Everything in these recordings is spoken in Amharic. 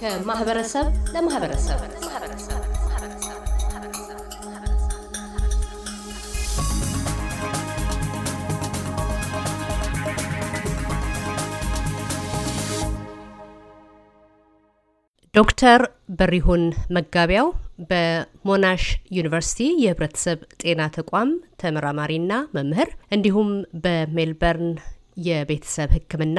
ከማህበረሰብ ለማህበረሰብ ዶክተር በሪሁን መጋቢያው በሞናሽ ዩኒቨርሲቲ የህብረተሰብ ጤና ተቋም ተመራማሪና መምህር እንዲሁም በሜልበርን የቤተሰብ ሕክምና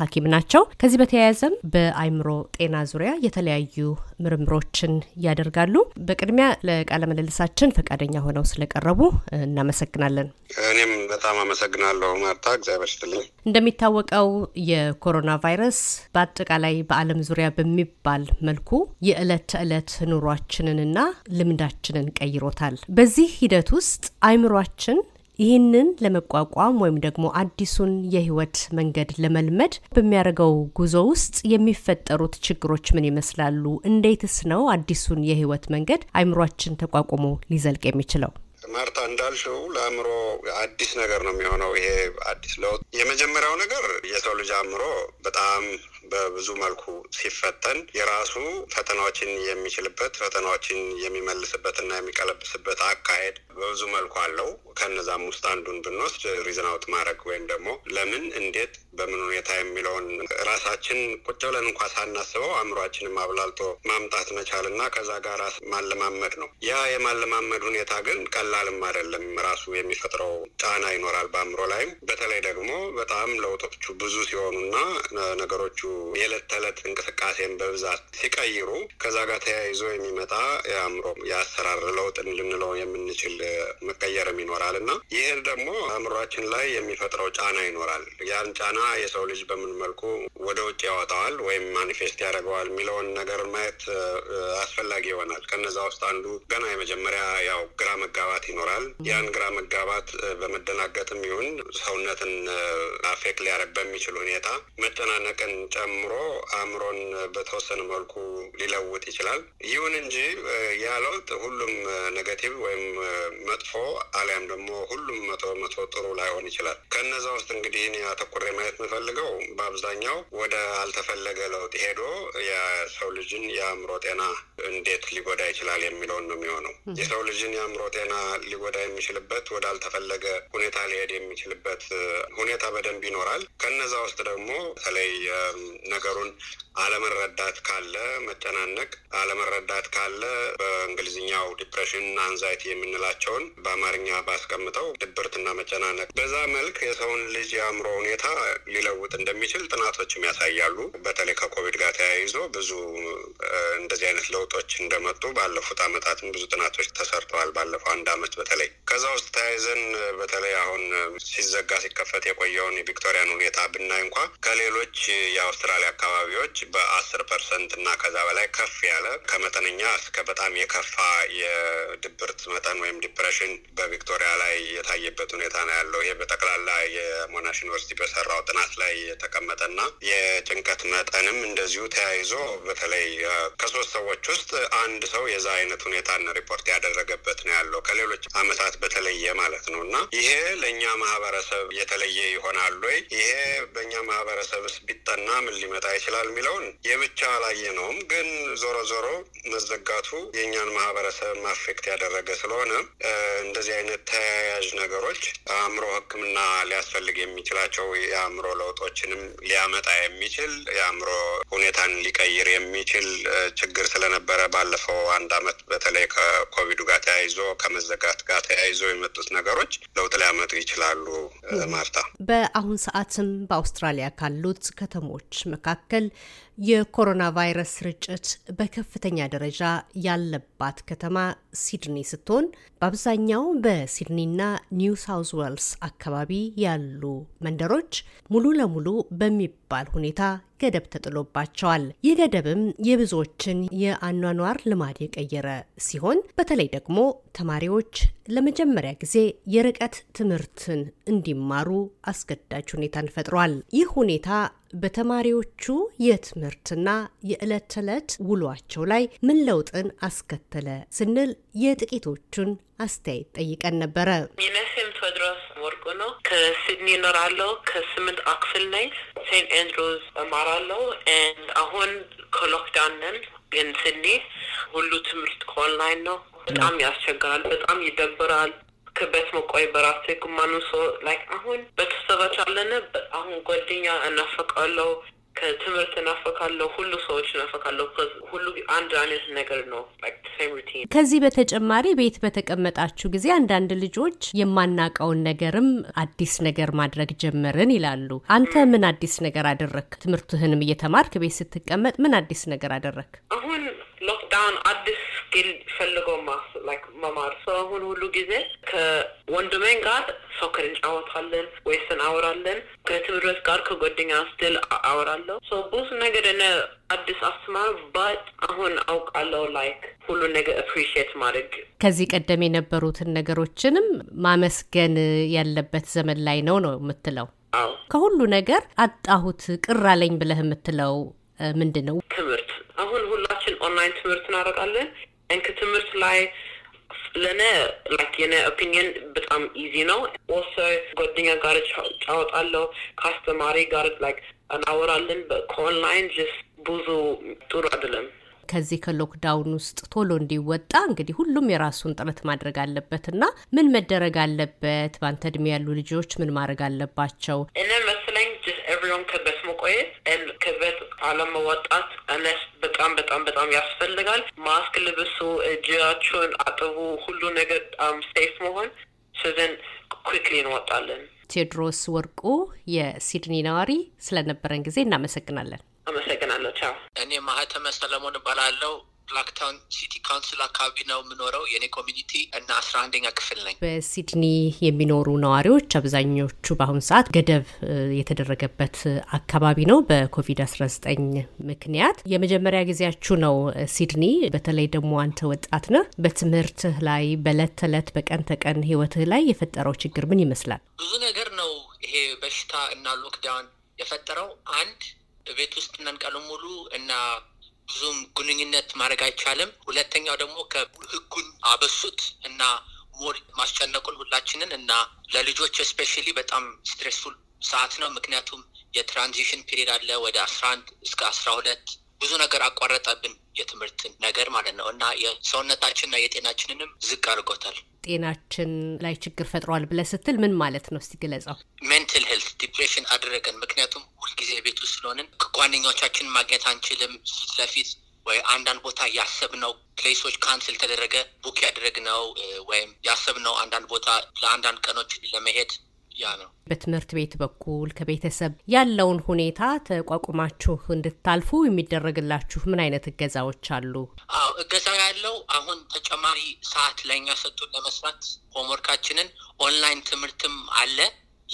ሐኪም ናቸው። ከዚህ በተያያዘም በአይምሮ ጤና ዙሪያ የተለያዩ ምርምሮችን ያደርጋሉ። በቅድሚያ ለቃለ ምልልሳችን ፈቃደኛ ሆነው ስለቀረቡ እናመሰግናለን። እኔም በጣም አመሰግናለሁ ማርታ፣ እግዚአብሔር ይስጥልኝ። እንደሚታወቀው የኮሮና ቫይረስ በአጠቃላይ በዓለም ዙሪያ በሚባል መልኩ የዕለት ተዕለት ኑሯችንንና ልምዳችንን ቀይሮታል። በዚህ ሂደት ውስጥ አይምሯችን ይህንን ለመቋቋም ወይም ደግሞ አዲሱን የህይወት መንገድ ለመልመድ በሚያደርገው ጉዞ ውስጥ የሚፈጠሩት ችግሮች ምን ይመስላሉ? እንዴትስ ነው አዲሱን የህይወት መንገድ አይምሯችን ተቋቁሞ ሊዘልቅ የሚችለው? ማርታ እንዳልሽው ለአእምሮ አዲስ ነገር ነው የሚሆነው ይሄ አዲስ ለውጥ። የመጀመሪያው ነገር የሰው ልጅ አእምሮ በጣም በብዙ መልኩ ሲፈተን የራሱ ፈተናዎችን የሚችልበት ፈተናዎችን የሚመልስበትና የሚቀለብስበት አካሄድ በብዙ መልኩ አለው። ከነዛም ውስጥ አንዱን ብንወስድ ሪዝን አውት ማድረግ ወይም ደግሞ ለምን፣ እንዴት፣ በምን ሁኔታ የሚለውን ራሳችን ቁጭ ብለን እንኳ ሳናስበው አእምሯችንን አብላልቶ ማምጣት መቻል እና ከዛ ጋር ማለማመድ ነው። ያ የማለማመድ ሁኔታ ግን ቀላልም አይደለም። ራሱ የሚፈጥረው ጫና ይኖራል በአእምሮ ላይም በተለይ ደግሞ በጣም ለውጦቹ ብዙ ሲሆኑና ነገሮቹ የዕለት ተዕለት እንቅስቃሴን በብዛት ሲቀይሩ ከዛ ጋር ተያይዞ የሚመጣ የአእምሮ የአሰራር ለውጥን ልንለው የምንችል መቀየርም ይኖራል እና ይህን ደግሞ አእምሯችን ላይ የሚፈጥረው ጫና ይኖራል። ያን ጫና የሰው ልጅ በምን መልኩ ወደ ውጭ ያወጣዋል ወይም ማኒፌስት ያደርገዋል የሚለውን ነገር ማየት አስፈላጊ ይሆናል። ከነዛ ውስጥ አንዱ ገና የመጀመሪያ ያው ግራ መጋባት ይኖራል። ያን ግራ መጋባት በመደናገጥም ይሁን ሰውነትን አፌክት ሊያደርግ በሚችል ሁኔታ መጨናነቅን ጨምሮ አእምሮን በተወሰነ መልኩ ሊለውጥ ይችላል። ይሁን እንጂ ያ ለውጥ ሁሉም ኔጋቲቭ ወይም መጥፎ አሊያም ደግሞ ሁሉም መቶ መቶ ጥሩ ላይሆን ይችላል። ከነዛ ውስጥ እንግዲህ እኔ አተኩሬ ማየት የምፈልገው በአብዛኛው ወደ አልተፈለገ ለውጥ ሄዶ የሰው ልጅን የአእምሮ ጤና እንዴት ሊጎዳ ይችላል የሚለውን ነው የሚሆነው። የሰው ልጅን የአእምሮ ጤና ሊጎዳ የሚችልበት ወደ አልተፈለገ ሁኔታ ሊሄድ የሚችልበት ሁኔታ በደንብ ይኖራል። ከነዛ ውስጥ ደግሞ በተለይ ነገሩን አለመረዳት ካለ መጨናነቅ፣ አለመረዳት ካለ በእንግሊዝኛው ዲፕሬሽን አንዛይቲ የምንላቸውን በአማርኛ ባስቀምጠው ድብርትና መጨናነቅ፣ በዛ መልክ የሰውን ልጅ የአእምሮ ሁኔታ ሊለውጥ እንደሚችል ጥናቶችም ያሳያሉ። በተለይ ከኮቪድ ጋር ተያይዞ ብዙ እንደዚህ አይነት ለውጦች እንደመጡ ባለፉት አመታትም ብዙ ጥናቶች ተሰርተዋል። ባለፈው አንድ አመት በተለይ ከዛ ውስጥ ተያይዘን በተለይ አሁን ሲዘጋ ሲከፈት የቆየውን የቪክቶሪያን ሁኔታ ብናይ እንኳ ከሌሎች የአውስትራሊያ አካባቢዎች በአስር ፐርሰንት እና ከዛ በላይ ከፍ ያለ ከመጠነኛ እስከ በጣም የከፋ የድብርት መጠን ወይም ዲፕሬሽን በቪክቶሪያ ላይ የታየበት ሁኔታ ነው ያለው። ይሄ በጠቅላላ የሞናሽ ዩኒቨርሲቲ በሰራው ጥናት ላይ የተቀመጠና የጭንቀት መጠንም እንደዚሁ ተያይዞ በተለይ ከሶስት ሰዎች ውስጥ አንድ ሰው የዛ አይነት ሁኔታን ሪፖርት ያደረገበት ነው ያለው ከሌሎች ዓመታት በተለየ ማለት ነው እና ይሄ ለእኛ ማህበረሰብ የተለየ ይሆናል ወይ? ይሄ በእኛ ማህበረሰብስ ቢጠና ምን ሊመጣ ይችላል የሚለው የሚለውን የብቻ አላየነውም። ግን ዞሮ ዞሮ መዘጋቱ የእኛን ማህበረሰብ ማፌክት ያደረገ ስለሆነ እንደዚህ አይነት ተያያዥ ነገሮች አእምሮ ሕክምና ሊያስፈልግ የሚችላቸው የአእምሮ ለውጦችንም ሊያመጣ የሚችል የአእምሮ ሁኔታን ሊቀይር የሚችል ችግር ስለነበረ ባለፈው አንድ አመት በተለይ ከኮቪዱ ጋር ተያይዞ ከመዘጋት ጋር ተያይዞ የመጡት ነገሮች ለውጥ ሊያመጡ ይችላሉ። ማርታ በአሁን ሰዓትም በአውስትራሊያ ካሉት ከተሞች መካከል የኮሮና ቫይረስ ስርጭት በከፍተኛ ደረጃ ያለባት ከተማ ሲድኒ ስትሆን በአብዛኛው በሲድኒና ኒው ሳውዝ ዌልስ አካባቢ ያሉ መንደሮች ሙሉ ለሙሉ በሚባል ሁኔታ ገደብ ተጥሎባቸዋል። ይህ ገደብም የብዙዎችን የአኗኗር ልማድ የቀየረ ሲሆን በተለይ ደግሞ ተማሪዎች ለመጀመሪያ ጊዜ የርቀት ትምህርትን እንዲማሩ አስገዳጅ ሁኔታን ፈጥሯል። ይህ ሁኔታ በተማሪዎቹ የትምህርትና የዕለት ተዕለት ውሏቸው ላይ ምን ለውጥን አስከተለ ስንል የጥቂቶቹን አስተያየት ጠይቀን ነበረ። ሚነሴም ቴዎድሮስ ወርቁ ነው። ከሲድኒ እኖራለሁ። ከስምንት አክፍል ነኝ። ሴንት ኤንድሮዝ እማራለሁ። አሁን ከሎክዳውን ነን፣ ግን ሲድኒ ሁሉ ትምህርት ኦንላይን ነው። በጣም ያስቸግራል። በጣም ይደብራል። ከቤት መቆይ በራሴ ግማኑ ሰው ላይክ አሁን ቤተሰቦች አለነ አሁን ጓደኛ እናፈቃለው ከትምህርት እናፈቃለሁ፣ ሁሉ ሰዎች እናፈቃለሁ። ሁሉ አንድ አይነት ነገር ነው። ከዚህ በተጨማሪ ቤት በተቀመጣችሁ ጊዜ አንዳንድ ልጆች የማናቀውን ነገርም አዲስ ነገር ማድረግ ጀመርን ይላሉ። አንተ ምን አዲስ ነገር አደረክ? ትምህርትህንም እየተማርክ ቤት ስትቀመጥ ምን አዲስ ነገር አደረክ? አሁን ሎክዳውን አዲስ ግን ፈልገው ላይክ መማር ሰው አሁን ሁሉ ጊዜ ከወንድሜን ጋር ሶከር እንጫወታለን ወይስ እናወራለን። ከትምህርት ጋር ከጓደኛ ስቲል አወራለሁ። ብዙ ነገር ነ አዲስ አስማር ባት አሁን አውቃለሁ ላይክ ሁሉ ነገር አፕሪሽት ማድረግ ከዚህ ቀደም የነበሩትን ነገሮችንም ማመስገን ያለበት ዘመን ላይ ነው ነው የምትለው። አዎ ከሁሉ ነገር አጣሁት ቅር አለኝ ብለህ የምትለው ምንድን ነው? ትምህርት አሁን ሁላችን ኦንላይን ትምህርት እናደርጋለን። እንክ ትምህርት ላይ ለእኔ ላይክ የኔ ኦፒኒየን በጣም ኢዚ ነው። ኦልሶ ጓደኛ ጋር ጫወጣለሁ ከአስተማሪ ጋር ላይክ እናወራለን። ከኦንላይን ጅስ ብዙ ጥሩ አይደለም። ከዚህ ከሎክዳውን ውስጥ ቶሎ እንዲወጣ እንግዲህ ሁሉም የራሱን ጥረት ማድረግ አለበት እና ምን መደረግ አለበት? በአንተ እድሜ ያሉ ልጆች ምን ማድረግ አለባቸው? በማንኛውም ክበት መቆየት፣ ክበት አለመወጣት እነስ በጣም በጣም በጣም ያስፈልጋል። ማስክ ልብሱ፣ እጃችሁን አጥቡ፣ ሁሉ ነገር ሴፍ መሆን ስዘን ኩክሊ እንወጣለን። ቴድሮስ ወርቁ የሲድኒ ነዋሪ፣ ስለነበረን ጊዜ እናመሰግናለን። አመሰግናለሁ። ቻው። እኔ ማህተመ ሰለሞን እባላለሁ። ብላክታውን ሲቲ ካውንስል አካባቢ ነው የምኖረው። የኔ ኮሚኒቲ እና አስራ አንደኛ ክፍል ነኝ። በሲድኒ የሚኖሩ ነዋሪዎች አብዛኞቹ በአሁኑ ሰዓት ገደብ የተደረገበት አካባቢ ነው በኮቪድ አስራ ዘጠኝ ምክንያት። የመጀመሪያ ጊዜያችሁ ነው ሲድኒ። በተለይ ደግሞ አንተ ወጣት ነህ። በትምህርትህ ላይ በእለት ተዕለት በቀን ተቀን ህይወትህ ላይ የፈጠረው ችግር ምን ይመስላል? ብዙ ነገር ነው ይሄ በሽታ እና ሎክዳውን የፈጠረው። አንድ ቤት ውስጥ ነን ሙሉ እና ብዙም ግንኙነት ማድረግ አይቻልም። ሁለተኛው ደግሞ ከህጉን አበሱት እና ሞር ማስጨነቁን ሁላችንን እና ለልጆች ስፔሻሊ በጣም ስትሬስፉል ሰዓት ነው። ምክንያቱም የትራንዚሽን ፒሪድ አለ ወደ አስራ አንድ እስከ አስራ ሁለት ብዙ ነገር አቋረጠብን የትምህርትን ነገር ማለት ነው እና የሰውነታችንና የጤናችንንም ዝቅ አድርጎታል። ጤናችን ላይ ችግር ፈጥሯል ብለህ ስትል ምን ማለት ነው? እስቲ ግለጸው። ሜንታል ሄልት ዲፕሬሽን አደረገን። ምክንያቱም ሁልጊዜ ቤት ውስጥ ስለሆንን ከጓደኞቻችን ማግኘት አንችልም። ፊት ለፊት ወይ አንዳንድ ቦታ ያሰብነው ፕሌሶች ካንስል ተደረገ። ቡክ ያደረግነው ወይም ያሰብነው አንዳንድ ቦታ ለአንዳንድ ቀኖች ለመሄድ ያ ነው። በትምህርት ቤት በኩል ከቤተሰብ ያለውን ሁኔታ ተቋቁማችሁ እንድታልፉ የሚደረግላችሁ ምን አይነት እገዛዎች አሉ? አዎ እገዛ ያለው አሁን ተጨማሪ ሰዓት ለእኛ ሰጡን ለመስራት ሆምወርካችንን ኦንላይን ትምህርትም አለ።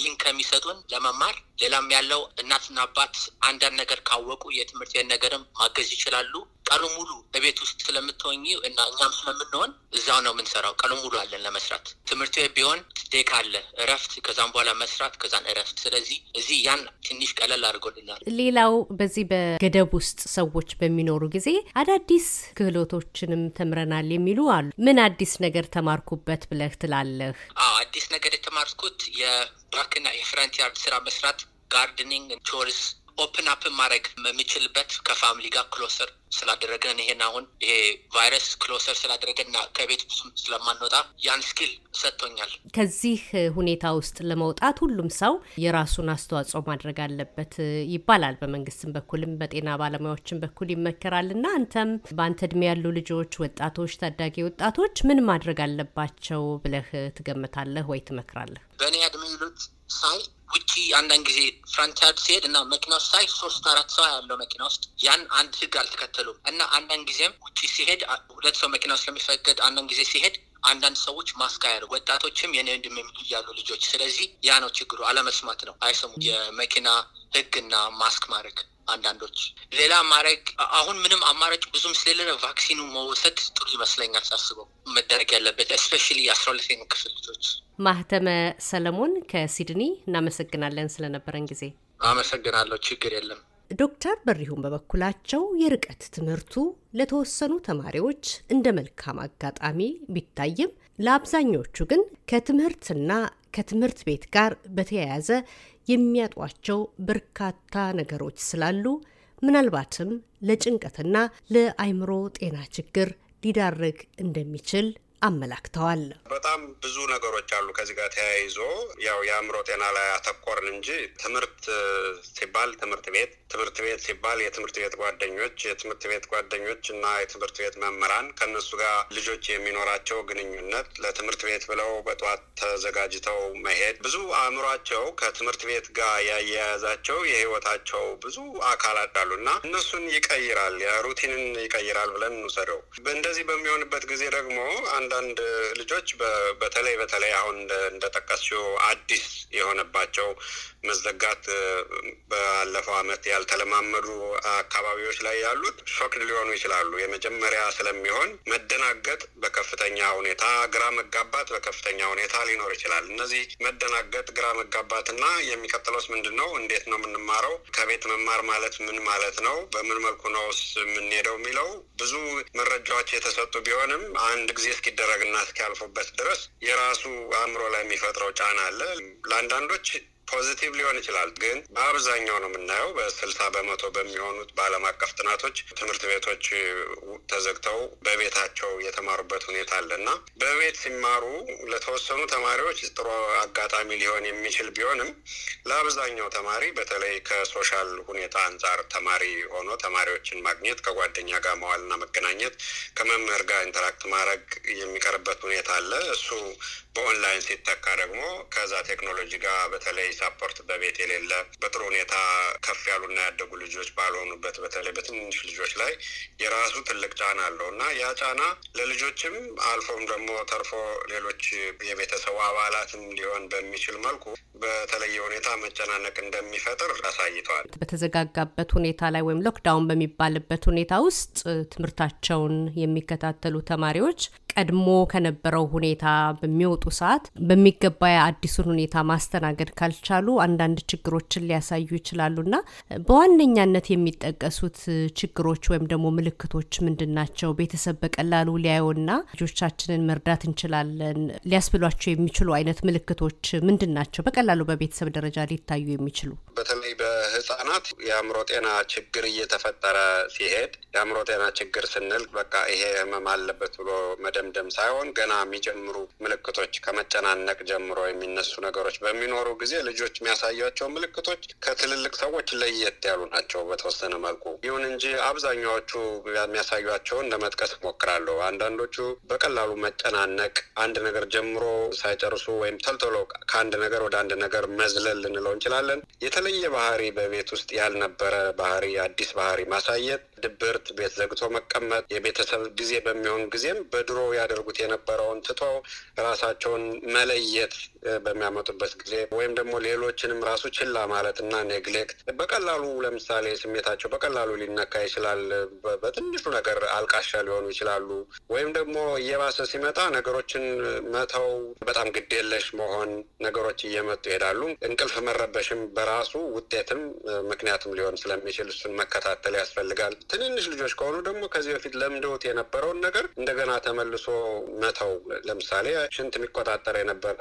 ሊንክ ከሚሰጡን ለመማር ሌላም ያለው እናትና አባት አንዳንድ ነገር ካወቁ የትምህርት የትምህርቴን ነገርም ማገዝ ይችላሉ። ቀኑ ሙሉ እቤት ውስጥ ስለምትሆኝ እና እኛም ስለምንሆን እዛው ነው የምንሰራው። ቀኑ ሙሉ አለን ለመስራት። ትምህርት ቤት ቢሆን ዴክ አለ እረፍት፣ ከዛም በኋላ መስራት፣ ከዛን እረፍት። ስለዚህ እዚህ ያን ትንሽ ቀለል አድርጎልናል። ሌላው በዚህ በገደብ ውስጥ ሰዎች በሚኖሩ ጊዜ አዳዲስ ክህሎቶችንም ተምረናል የሚሉ አሉ። ምን አዲስ ነገር ተማርኩበት ብለህ ትላለህ? አዲስ ነገር የተማርኩት የባክና የፍረንት ያርድ ስራ መስራት ጋርድኒንግ ቶርስ ኦፕን አፕ ማድረግ የምችልበት ከፋሚሊ ጋር ክሎሰር ስላደረገን ይሄን አሁን ይሄ ቫይረስ ክሎሰር ስላደረገን እና ከቤት ብዙም ስለማንወጣ ያን ስኪል ሰጥቶኛል። ከዚህ ሁኔታ ውስጥ ለመውጣት ሁሉም ሰው የራሱን አስተዋጽኦ ማድረግ አለበት ይባላል። በመንግስትም በኩልም በጤና ባለሙያዎችም በኩል ይመከራል እና አንተም በአንተ እድሜ ያሉ ልጆች፣ ወጣቶች፣ ታዳጊ ወጣቶች ምን ማድረግ አለባቸው ብለህ ትገምታለህ ወይ ትመክራለህ? በእኔ እድሜ ይሉት ሳይ ውጭ አንዳንድ ጊዜ ፍራንቻይዝ ሲሄድ እና መኪና ውስጥ ሳይ ሶስት አራት ሰው ያለው መኪና ውስጥ ያን አንድ ህግ አልተከተል አይከተሉም እና አንዳንድ ጊዜም ውጭ ሲሄድ ሁለት ሰው መኪና ስለሚፈቀድ አንዳንድ ጊዜ ሲሄድ አንዳንድ ሰዎች ማስካ ያሉ ወጣቶችም የኔ ወንድም የሚሉ ያሉ ልጆች። ስለዚህ ያ ነው ችግሩ፣ አለመስማት ነው። አይሰሙ የመኪና ህግና ማስክ ማድረግ አንዳንዶች ሌላ ማድረግ አሁን ምንም አማራጭ ብዙም ስለሌለ ቫክሲኑ መውሰድ ጥሩ ይመስለኛል። ሳስበው መደረግ ያለበት እስፔሻሊ አስራ ሁለተኛ ክፍል ልጆች። ማህተመ ሰለሞን ከሲድኒ እናመሰግናለን ስለነበረን ጊዜ። አመሰግናለሁ። ችግር የለም። ዶክተር በሪሁን በበኩላቸው የርቀት ትምህርቱ ለተወሰኑ ተማሪዎች እንደ መልካም አጋጣሚ ቢታይም ለአብዛኞቹ ግን ከትምህርትና ከትምህርት ቤት ጋር በተያያዘ የሚያጧቸው በርካታ ነገሮች ስላሉ ምናልባትም ለጭንቀትና ለአይምሮ ጤና ችግር ሊዳርግ እንደሚችል አመላክተዋል። በጣም ብዙ ነገሮች አሉ ከዚህ ጋር ተያይዞ ያው የአእምሮ ጤና ላይ አተኮርን እንጂ ትምህርት ሲባል ትምህርት ቤት፣ ትምህርት ቤት ሲባል የትምህርት ቤት ጓደኞች፣ የትምህርት ቤት ጓደኞች እና የትምህርት ቤት መምህራን ከእነሱ ጋር ልጆች የሚኖራቸው ግንኙነት፣ ለትምህርት ቤት ብለው በጠዋት ተዘጋጅተው መሄድ፣ ብዙ አእምሯቸው ከትምህርት ቤት ጋር ያያያዛቸው የህይወታቸው ብዙ አካላት አሉ እና እነሱን ይቀይራል፣ ሩቲንን ይቀይራል ብለን እንውሰደው። እንደዚህ በሚሆንበት ጊዜ ደግሞ አንዳንድ ልጆች በተለይ በተለይ አሁን እንደጠቀስሽው አዲስ የሆነባቸው መዘጋት ባለፈው አመት ያልተለማመዱ አካባቢዎች ላይ ያሉት ሾክድ ሊሆኑ ይችላሉ። የመጀመሪያ ስለሚሆን መደናገጥ በከፍተኛ ሁኔታ፣ ግራ መጋባት በከፍተኛ ሁኔታ ሊኖር ይችላል። እነዚህ መደናገጥ፣ ግራ መጋባት እና የሚቀጥለውስ ምንድን ነው? እንዴት ነው የምንማረው? ከቤት መማር ማለት ምን ማለት ነው? በምን መልኩ ነውስ የምንሄደው የሚለው ብዙ መረጃዎች የተሰጡ ቢሆንም አንድ ጊዜ እስኪ እስኪደረግና እስኪያልፉበት ድረስ የራሱ አእምሮ ላይ የሚፈጥረው ጫና አለ ለአንዳንዶች ፖዚቲቭ ሊሆን ይችላል። ግን በአብዛኛው ነው የምናየው በስልሳ በመቶ በሚሆኑት በዓለም አቀፍ ጥናቶች ትምህርት ቤቶች ተዘግተው በቤታቸው የተማሩበት ሁኔታ አለ እና በቤት ሲማሩ ለተወሰኑ ተማሪዎች ጥሩ አጋጣሚ ሊሆን የሚችል ቢሆንም ለአብዛኛው ተማሪ በተለይ ከሶሻል ሁኔታ አንጻር ተማሪ ሆኖ ተማሪዎችን ማግኘት ከጓደኛ ጋር መዋልና መገናኘት ከመምህር ጋር ኢንተራክት ማድረግ የሚቀርበት ሁኔታ አለ። እሱ በኦንላይን ሲተካ ደግሞ ከዛ ቴክኖሎጂ ጋር በተለይ ሳፖርት በቤት የሌለ በጥሩ ሁኔታ ከፍ ያሉና ያደጉ ልጆች ባልሆኑበት በተለይ በትንሽ ልጆች ላይ የራሱ ትልቅ ጫና አለው እና ያ ጫና ለልጆችም አልፎም ደግሞ ተርፎ ሌሎች የቤተሰቡ አባላትም ሊሆን በሚችል መልኩ በተለየ ሁኔታ መጨናነቅ እንደሚፈጥር አሳይተዋል። በተዘጋጋበት ሁኔታ ላይ ወይም ሎክዳውን በሚባልበት ሁኔታ ውስጥ ትምህርታቸውን የሚከታተሉ ተማሪዎች ቀድሞ ከነበረው ሁኔታ በሚወጡ ሰዓት በሚገባ አዲሱን ሁኔታ ማስተናገድ ካልቻሉ አንዳንድ ችግሮችን ሊያሳዩ ይችላሉ ና በዋነኛነት የሚጠቀሱት ችግሮች ወይም ደግሞ ምልክቶች ምንድን ናቸው? ቤተሰብ በቀላሉ ሊያየውና ልጆቻችንን መርዳት እንችላለን ሊያስብሏቸው የሚችሉ አይነት ምልክቶች ምንድን ናቸው? በቀላሉ በቤተሰብ ደረጃ ሊታዩ የሚችሉ በተለይ በህጻናት የአእምሮ ጤና ችግር እየተፈጠረ ሲሄድ የአእምሮ ጤና ችግር ስንል በቃ ይሄ ህመም አለበት ብሎ መደም መደምደም ሳይሆን ገና የሚጀምሩ ምልክቶች ከመጨናነቅ ጀምሮ የሚነሱ ነገሮች በሚኖሩ ጊዜ ልጆች የሚያሳያቸው ምልክቶች ከትልልቅ ሰዎች ለየት ያሉ ናቸው በተወሰነ መልኩ። ይሁን እንጂ አብዛኛዎቹ የሚያሳዩቸውን ለመጥቀስ እሞክራለሁ። አንዳንዶቹ በቀላሉ መጨናነቅ፣ አንድ ነገር ጀምሮ ሳይጨርሱ ወይም ተልቶሎ ከአንድ ነገር ወደ አንድ ነገር መዝለል ልንለው እንችላለን። የተለየ ባህሪ በቤት ውስጥ ያልነበረ ባህሪ፣ አዲስ ባህሪ ማሳየት ድብርት፣ ቤት ዘግቶ መቀመጥ፣ የቤተሰብ ጊዜ በሚሆን ጊዜም በድሮ ያደርጉት የነበረውን ትቶ ራሳቸውን መለየት በሚያመጡበት ጊዜ ወይም ደግሞ ሌሎችንም ራሱ ችላ ማለት እና ኔግሌክት በቀላሉ ለምሳሌ ስሜታቸው በቀላሉ ሊነካ ይችላል። በትንሹ ነገር አልቃሻ ሊሆኑ ይችላሉ። ወይም ደግሞ እየባሰ ሲመጣ ነገሮችን መተው፣ በጣም ግዴለሽ መሆን፣ ነገሮች እየመጡ ይሄዳሉ። እንቅልፍ መረበሽም በራሱ ውጤትም ምክንያትም ሊሆን ስለሚችል እሱን መከታተል ያስፈልጋል። ትንንሽ ልጆች ከሆኑ ደግሞ ከዚህ በፊት ለምደውት የነበረውን ነገር እንደገና ተመልሶ መተው ለምሳሌ ሽንት የሚቆጣጠር የነበረ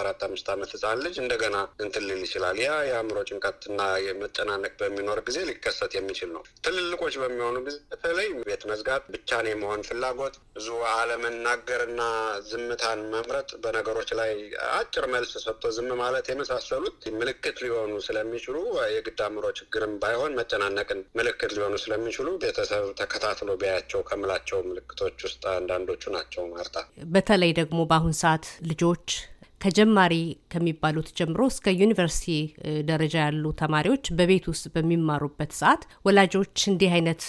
አራት አምስት ዓመት ህፃን ልጅ እንደገና እንትን ሊል ይችላል። ያ የአእምሮ ጭንቀትና የመጨናነቅ በሚኖር ጊዜ ሊከሰት የሚችል ነው። ትልልቆች በሚሆኑ ጊዜ በተለይ ቤት መዝጋት፣ ብቻን የመሆን ፍላጎት፣ ብዙ አለመናገርና ዝምታን መምረጥ፣ በነገሮች ላይ አጭር መልስ ሰጥቶ ዝም ማለት የመሳሰሉት ምልክት ሊሆኑ ስለሚችሉ የግድ አእምሮ ችግርም ባይሆን መጨናነቅን ምልክት ሊሆኑ ስለሚችሉ ቤተሰብ ተከታትሎ ቢያያቸው ከምላቸው ምልክቶች ውስጥ አንዳንዶቹ ናቸው። ማርታ በተለይ ደግሞ በአሁን ሰዓት ልጆች ከጀማሪ ከሚባሉት ጀምሮ እስከ ዩኒቨርሲቲ ደረጃ ያሉ ተማሪዎች በቤት ውስጥ በሚማሩበት ሰዓት ወላጆች እንዲህ አይነት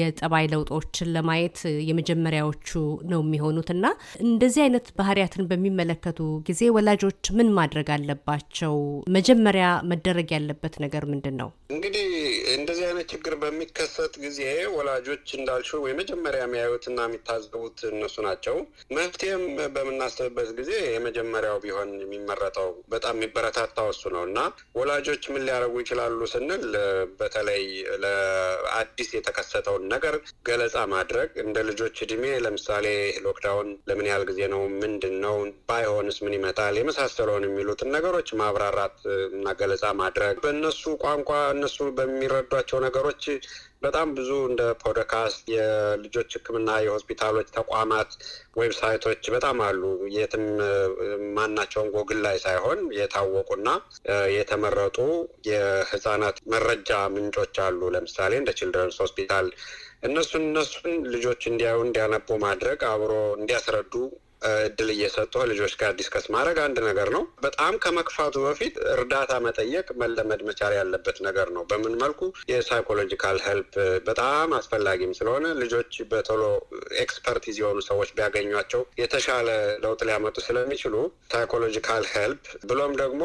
የጠባይ ለውጦችን ለማየት የመጀመሪያዎቹ ነው የሚሆኑት እና እንደዚህ አይነት ባህሪያትን በሚመለከቱ ጊዜ ወላጆች ምን ማድረግ አለባቸው? መጀመሪያ መደረግ ያለበት ነገር ምንድን ነው? እንግዲህ አይነት ችግር በሚከሰት ጊዜ ወላጆች እንዳልሹ ወይ መጀመሪያ የሚያዩትና የሚታዘቡት እነሱ ናቸው። መፍትሄም በምናስብበት ጊዜ የመጀመሪያው ቢሆን የሚመረጠው በጣም የሚበረታታው እሱ ነው እና ወላጆች ምን ሊያደርጉ ይችላሉ ስንል በተለይ ለአዲስ የተከሰተውን ነገር ገለጻ ማድረግ እንደ ልጆች እድሜ ለምሳሌ ሎክዳውን ለምን ያህል ጊዜ ነው? ምንድን ነው? ባይሆንስ ምን ይመጣል? የመሳሰለውን የሚሉትን ነገሮች ማብራራት እና ገለጻ ማድረግ በእነሱ ቋንቋ እነሱ በሚረዷቸው ነገሮች በጣም ብዙ እንደ ፖድካስት፣ የልጆች ሕክምና የሆስፒታሎች ተቋማት ዌብሳይቶች በጣም አሉ። የትም ማናቸውን ጎግል ላይ ሳይሆን የታወቁና የተመረጡ የህጻናት መረጃ ምንጮች አሉ። ለምሳሌ እንደ ችልድረንስ ሆስፒታል እነሱን እነሱን ልጆች እንዲያዩ እንዲያነቡ ማድረግ አብሮ እንዲያስረዱ እድል እየሰጡ ልጆች ጋር ዲስከስ ማድረግ አንድ ነገር ነው። በጣም ከመክፋቱ በፊት እርዳታ መጠየቅ መለመድ መቻል ያለበት ነገር ነው። በምን መልኩ የሳይኮሎጂካል ሄልፕ በጣም አስፈላጊም ስለሆነ ልጆች በቶሎ ኤክስፐርቲዝ የሆኑ ሰዎች ቢያገኟቸው የተሻለ ለውጥ ሊያመጡ ስለሚችሉ ሳይኮሎጂካል ሄልፕ ብሎም ደግሞ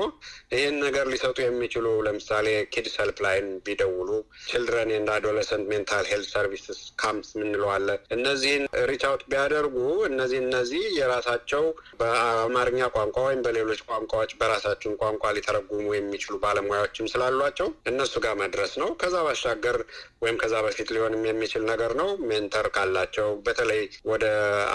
ይህን ነገር ሊሰጡ የሚችሉ ለምሳሌ ኪድስ ሄልፕ ላይን ቢደውሉ ችልድረን ኤንድ አዶለሰንት ሜንታል ሄልት ሰርቪስስ ካምፕስ ምንለዋለን እነዚህን ሪች አውት ቢያደርጉ እነዚህ እነዚህ የራሳቸው በአማርኛ ቋንቋ ወይም በሌሎች ቋንቋዎች በራሳችን ቋንቋ ሊተረጉሙ የሚችሉ ባለሙያዎችም ስላሏቸው እነሱ ጋር መድረስ ነው። ከዛ ባሻገር ወይም ከዛ በፊት ሊሆንም የሚችል ነገር ነው። ሜንተር ካላቸው በተለይ ወደ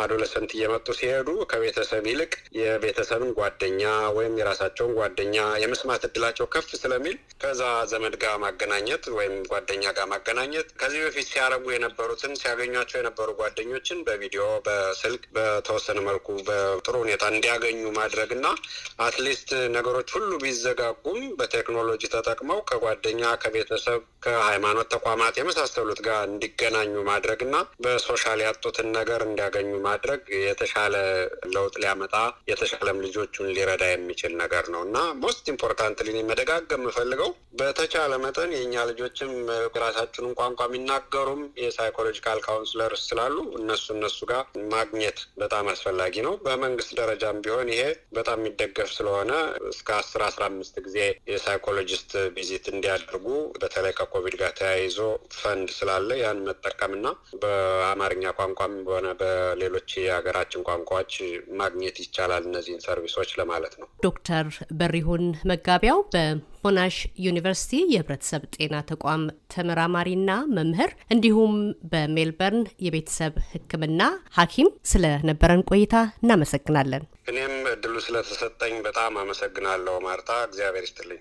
አዶለሰንት እየመጡ ሲሄዱ ከቤተሰብ ይልቅ የቤተሰብን ጓደኛ ወይም የራሳቸውን ጓደኛ የመስማት እድላቸው ከፍ ስለሚል ከዛ ዘመድ ጋር ማገናኘት ወይም ጓደኛ ጋር ማገናኘት ከዚህ በፊት ሲያረጉ የነበሩትን ሲያገኟቸው የነበሩ ጓደኞችን በቪዲዮ በስልክ በተወሰነ መልኩ እንዲመረቁ በጥሩ ሁኔታ እንዲያገኙ ማድረግ እና አትሊስት ነገሮች ሁሉ ቢዘጋጉም በቴክኖሎጂ ተጠቅመው ከጓደኛ፣ ከቤተሰብ፣ ከሃይማኖት ተቋማት የመሳሰሉት ጋር እንዲገናኙ ማድረግ እና በሶሻል ያጡትን ነገር እንዲያገኙ ማድረግ የተሻለ ለውጥ ሊያመጣ የተሻለም ልጆቹን ሊረዳ የሚችል ነገር ነው እና ሞስት ኢምፖርታንት ሊ መደጋገ የምፈልገው በተቻለ መጠን የእኛ ልጆችም የራሳችንን ቋንቋ የሚናገሩም የሳይኮሎጂካል ካውንስለር ስላሉ እነሱ እነሱ ጋር ማግኘት በጣም አስፈላጊ አስፈላጊ ነው። በመንግስት ደረጃም ቢሆን ይሄ በጣም የሚደገፍ ስለሆነ እስከ አስር አስራ አምስት ጊዜ የሳይኮሎጂስት ቪዚት እንዲያደርጉ በተለይ ከኮቪድ ጋር ተያይዞ ፈንድ ስላለ ያን መጠቀምና በአማርኛ ቋንቋም ሆነ በሌሎች የሀገራችን ቋንቋዎች ማግኘት ይቻላል እነዚህን ሰርቪሶች ለማለት ነው። ዶክተር በሪሁን መጋቢያው በ ሞናሽ ዩኒቨርሲቲ የህብረተሰብ ጤና ተቋም ተመራማሪና መምህር እንዲሁም በሜልበርን የቤተሰብ ሕክምና ሐኪም ስለነበረን ቆይታ እናመሰግናለን። እኔም እድሉ ስለተሰጠኝ በጣም አመሰግናለሁ ማርታ፣ እግዚአብሔር ይስጥልኝ።